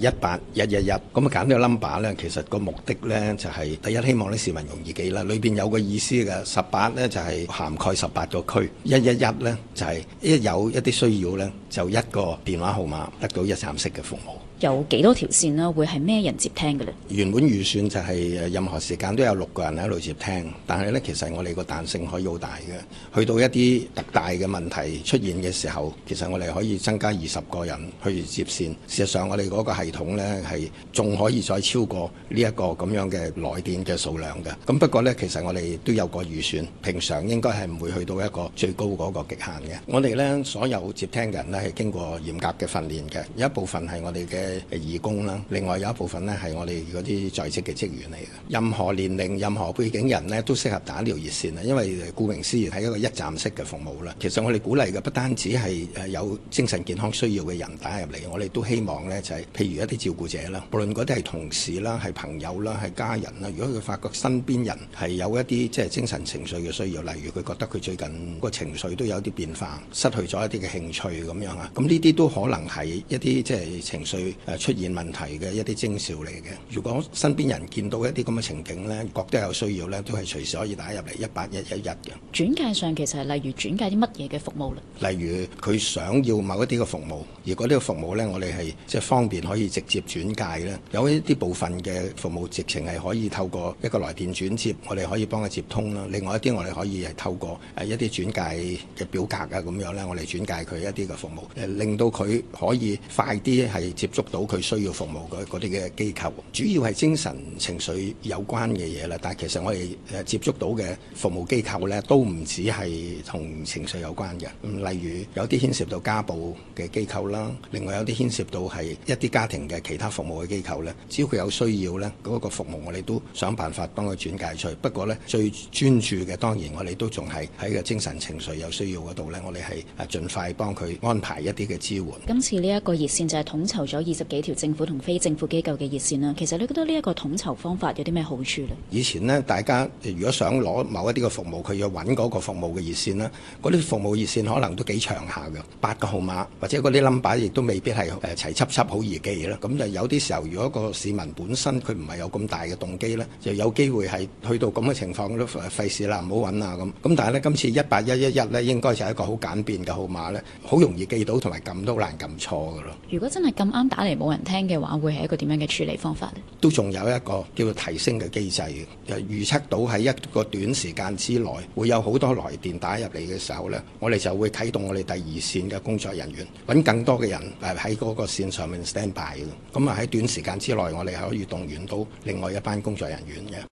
一八一一一咁啊，揀呢個 number 呢，其實個目的呢，就係第一，希望啲市民容易記啦。裏邊有個意思嘅，十八呢，就係涵蓋十八個區，一一一呢，就係一有一啲需要呢，就一個電話號碼得到一站式嘅服務。有幾多條線呢、啊？會係咩人接聽嘅呢？原本預算就係任何時間都有六個人喺度接聽。但係呢，其實我哋個彈性可以好大嘅。去到一啲特大嘅問題出現嘅時候，其實我哋可以增加二十個人去接線。事實上，我哋嗰個系統呢，係仲可以再超過呢一個咁樣嘅來電嘅數量嘅。咁不過呢，其實我哋都有個預算，平常應該係唔會去到一個最高嗰個極限嘅。我哋呢，所有接聽嘅人呢，係經過嚴格嘅訓練嘅，有一部分係我哋嘅。義工啦，另外有一部分咧係我哋嗰啲在職嘅職員嚟嘅。任何年齡、任何背景人咧，都適合打呢條熱線啊。因為顧名思義係一個一站式嘅服務啦。其實我哋鼓勵嘅不單止係誒有精神健康需要嘅人打入嚟，我哋都希望咧就係、是、譬如一啲照顧者啦，無論嗰啲係同事啦、係朋友啦、係家人啦。如果佢發覺身邊人係有一啲即係精神情緒嘅需要，例如佢覺得佢最近個情緒都有啲變化，失去咗一啲嘅興趣咁樣啊，咁呢啲都可能係一啲即係情緒。誒出現問題嘅一啲徵兆嚟嘅，如果身邊人見到一啲咁嘅情景呢，覺得有需要呢，都係隨時可以打入嚟一八一一一嘅。1 1轉介上其實係例如轉介啲乜嘢嘅服務呢？例如佢想要某一啲嘅服務，如果呢個服務呢，我哋係即係方便可以直接轉介呢。有一啲部分嘅服務直情係可以透過一個來電轉接，我哋可以幫佢接通啦。另外一啲我哋可以係透過誒一啲轉介嘅表格啊咁樣呢，我哋轉介佢一啲嘅服務，誒令到佢可以快啲係接觸。到佢需要服務嗰啲嘅機構，主要係精神情緒有關嘅嘢啦。但係其實我哋接觸到嘅服務機構咧，都唔止係同情緒有關嘅。例如有啲牽涉到家暴嘅機構啦，另外有啲牽涉到係一啲家庭嘅其他服務嘅機構咧。只要佢有需要咧，嗰個服務我哋都想辦法幫佢轉介出去。不過咧，最專注嘅當然我哋都仲係喺個精神情緒有需要嗰度咧，我哋係誒盡快幫佢安排一啲嘅支援。今次呢一個熱線就係統籌咗十幾條政府同非政府機構嘅熱線啦，其實你覺得呢一個統籌方法有啲咩好處呢？以前呢，大家如果想攞某一啲嘅服務，佢要揾嗰個服務嘅熱線啦，嗰啲服務熱線可能都幾長下㗎，八個號碼或者嗰啲 number 亦都未必係誒齊輯輯好易記啦。咁就有啲時候，如果個市民本身佢唔係有咁大嘅動機呢，就有機會係去到咁嘅情況都費事啦，唔好揾啊咁。咁但係呢，今次一八一一一呢，應該就係一個好簡便嘅號碼呢，好容易記到同埋撳都難撳錯㗎咯。如果真係咁啱打打嚟冇人聽嘅話，會係一個點樣嘅處理方法呢？都仲有一個叫做提升嘅機制嘅，就預測到喺一個短時間之內會有好多來電打入嚟嘅時候呢，我哋就會啟動我哋第二線嘅工作人員，揾更多嘅人喺嗰個線上面 stand by 嘅。咁啊喺短時間之內，我哋係可以動員到另外一班工作人員嘅。